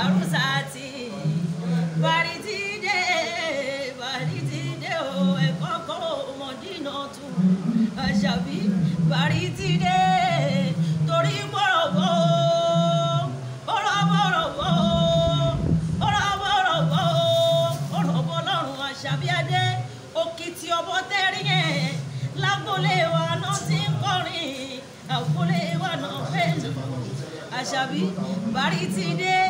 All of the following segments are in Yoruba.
Barusati, Baritide, Baritide, O Ekoko, Modino tu, Ajabi, Baritide, Torí Borobo. Ṣàbíadé òkìtì ọbọ tẹ́rí yẹn lágbólé wa náà ti ń kọrin àgbólé wa náà fẹ́ẹ́ lù àṣàbí Barítidé.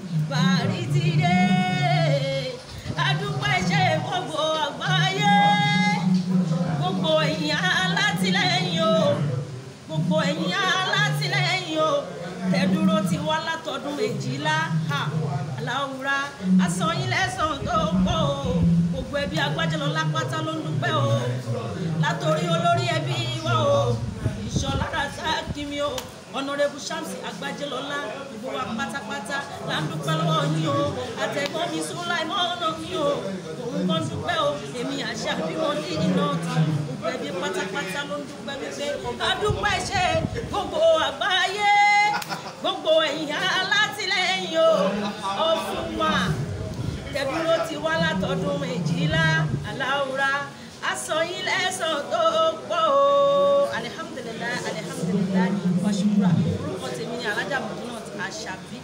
parí ti dé adúpẹ́ ṣe gbogbo àgbáyé gbogbo ẹ̀yin alátìlẹ́yìn o gbogbo ẹ̀yin alátìlẹ́yìn o tẹ̀dúró ti wá látọdún méjìlá aláwùrá asọ̀yìn lẹ́sàn tó pọ̀ o gbogbo ẹbí agbájọ́lọ́lá pátá ló ń dúpẹ́ o látòrí olórí ẹbí wa o kí mi ó ọ̀nàrẹ́bù ṣàmùsì àgbájẹ́lọ́lá gbogbo wa pátápátá là ń dúpẹ́ lọ́wọ́ yín o àtẹ̀gbọ́n mi sùnlá ìmọ̀ ọ̀nà mi o òun kan dúpẹ́ o èmi àṣà bí mo ní iná ọ̀tún gbogbo ẹbí pátápátá ló ń dúpẹ́ wípé adúpẹ́ ṣe gbogbo àgbáyé gbogbo ẹ̀yìn alátìlẹ́yìn o ọ̀fun wa tẹ̀dúró ti wá látọdún méjìlá aláwùrá aṣọ yín lẹ́sàn tó pọ̀ o. Abdulgani Ọ̀ṣunwúrà orúkọ tèmi ni alájà Mọ̀dúnà Àṣàbí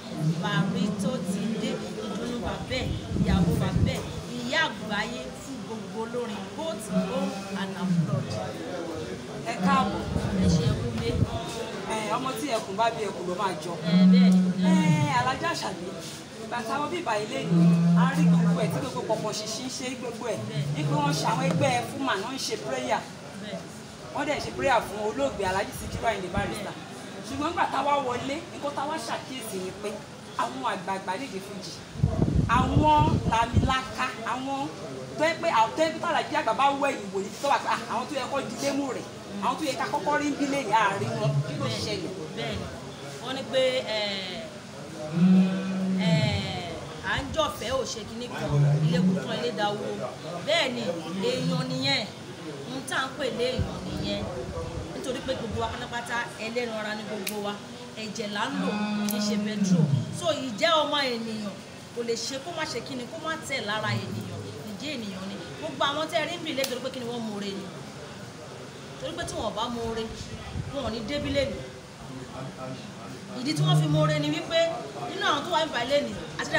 bàrí tó ti dé ìdùnnú bàbẹ́ ìyàwó bàbẹ́ ìyá àgbáyé fún gbogbo olórin both home and abroad. ẹ káàbọ̀ ẹ ṣe ẹkún lé. ọmọ tí ẹkùn bá bí ẹkùn ló máa jọ. alájà Àṣàbí bàtà wọn bíbà ilé ni a rí gbogbo ẹ tí gbogbo pọpọ ṣìṣì ń ṣe gbogbo ẹ ní pé wọn ṣàwọn ẹgbẹ́ fúnmà náà ń ṣe pírẹyà wọ́n dẹ̀ ṣe prayer fún olóògbé alhaji sikiru ayinde barrister ṣùgbọ́n nígbà táwa wọlé nǹkan táwa ṣàkíyèsí ni pé àwọn àgbààgbà léde fújì àwọn làmìlaka àwọn tó yẹ pé àwọn tó yẹ pé tàlàjì àgbà bá wọ ẹ̀yìn wò ní tó wà pé ah, àwọn tó yẹ kó di lémù rẹ̀ àwọn tó yẹ ká kọ́kọ́ rí ń bí lẹ́yìn àárín wọn kí ló ṣẹlẹ̀. bẹ́ẹ̀ni wọn ní pé à ń jọfẹ òṣèkínní kan ilé kúkan ilé dáwó bẹ́ẹ̀ni èèyàn nìyẹn ohun tá à ń pè léèyàn nìyẹn nítorí pé gbogbo wa pátápátá ẹlẹ́ran ara ni gbogbo wa ẹ̀jẹ̀ là ń lò kì í ṣe pẹtrol so ìjẹ́ ọmọ ènìyàn kò lè ṣe kó má ṣe kíni kó má tẹ̀ lára ènìyàn ìjẹ́ ènìyàn ni gbogbo àwọn tẹ́ rí ń bì lẹ́jọ́ pé kí ni wọ́n mọ̀ọ́re ni torí pé tí wọ́n bá mọ̀ọ́re wọn ò ní débí lẹ́nu ìdí tí wọ́n fi mọ̀ọ́re ni wípé nínú àwọn tó wà ń bà lẹ́nu àti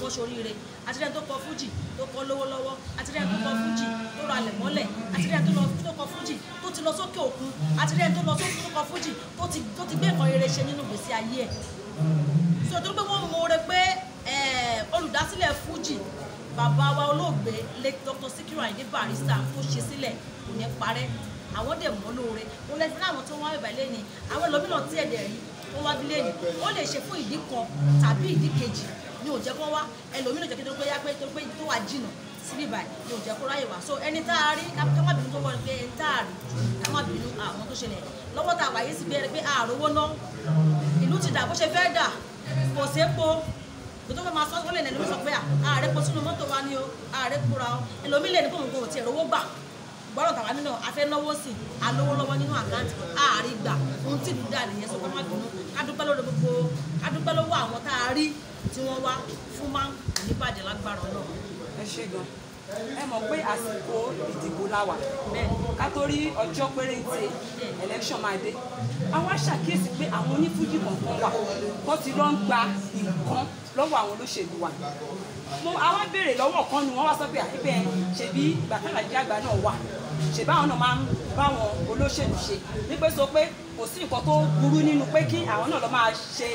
tó ṣoríire àti rẹ̀ tó kọ fújì tó kọ lówó lọ́wọ́ àti rẹ̀ tó kọ fújì tó ra alẹ̀ mọ́lẹ̀ àti rẹ̀ tó kọ fújì tó ti lọ sókè òkun àti rẹ̀ tó lọ sókè tó kọ fújì tó ti gbé nǹkan rere ṣe nínú ìgbésí ayé ẹ̀ so tó pé wọ́n mọ̀ rẹ pé eh, olùdásílẹ̀ fújì bàbá wa olóògbé late Dr. Sikiru Ayinde Barrister tó ṣe sílẹ̀ kò ní parẹ́ àwọn dẹ̀ mọ́ lóore wọn lẹ́sìn láwọn tó wá ìbàlẹ̀ ni àwọn ẹlòmíràn tí ẹ̀dẹ̀ rí wọn wá bílẹ̀ ni ó lè ṣe fún ìdí kan tàbí ìdí kejì ni ò jẹ́ kó wá ẹlòmínú jẹ́ kí tó gbéyà pé tó gbé tó wà jìnà síbí báyìí ni ò jẹ́ kó ráyè wá so ẹni tá a rí ká má bínú tó wọ́n pé ẹni tá a rí ká má bínú àwọn tó ṣẹlẹ̀ lọ́wọ́ tá a wáyé sí bẹ́ẹ̀ pé àròwó ná ìlú ti dà bó ṣe fẹ́ dà kò sépo tó fẹ́ máa sọ́ wọ́n lè lẹ́nu sọ pé ààrẹ po sínú mọ́tò wa ni o ààrẹ pura o ẹlòmí lè ní kóhùn kò tiẹ̀ ṣùgbọ́n tàwa nínú afẹ́ náwó sí alówó lọ́wọ́ nínú àkáǹtì àárí gbà ohun tí ìlú dà nìyẹn sọ kọ́mọ́ dùnú kádúpẹ́ lórí gbogbo kádúpẹ́ lọ́wọ́ àwọn tá a rí tí wọ́n wá fún máa ń níbàjẹ́ lágbára náà. ẹ ṣe gan ẹ mọ̀ pé àsìkò ìdìbò la wà ká tó rí ọjọ́ péréńté election máa dé àwa ṣàkíyèsí pé àwọn onífújì kọ̀ọ̀kan wà tó ti lọ ń gba nǹkan lọ́wọ́ àwọn olóṣèlú wa mo àwọn béèrè lọ́wọ́ kan ni wọ́n wá sọ pé àyíbẹ̀ ṣebí ìgbà tálájà àgbà náà wà ṣe báwọn náà máa ń báwọn olóṣèlú ṣe wípé sọ pé kò sí nǹkan tó burú nínú pé kí àwọn náà lọ máa ṣe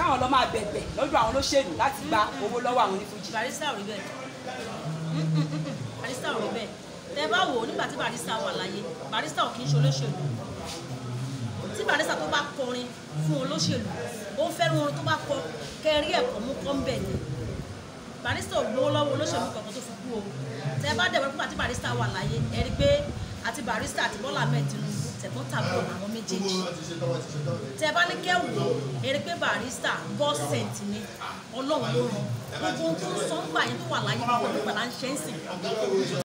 káwọn lọ máa bẹ̀bẹ̀ lọ́dọ̀ àwọn olóṣèlú láti gba owó lọ́wọ́ àwọn onífújì. barista ò rí bẹ́ẹ̀ barista ò rí bẹ́ẹ̀ tẹ bá wò ó nígbà tí barista wà láyé barista ò kì í ṣe olóṣèlú tí barista tó bá kọrin fún olóṣèlú ó fẹ́ràn orin tó bá kọ kẹrí ẹ̀kọ́ mú kọ́ ń yẹn barista ò gbowó lọ́wọ́ olóṣèlú kankan tó fi kú o tẹ bá dẹ̀ wọ́pọ̀ àti barista wà láyé ẹ rí pé àti barista àti Bọ́lá Ahmed Tinubu tẹ̀gbọ́n tàbúrò làwọn méjèèjì tẹ bá ní kẹ́wò ẹ rí pé barista god sent ni Ọlọ́run ló rán gbogbo ohun tó ń sọ ń gbà yẹn tó wà láyé gbogbo ìgbà là ń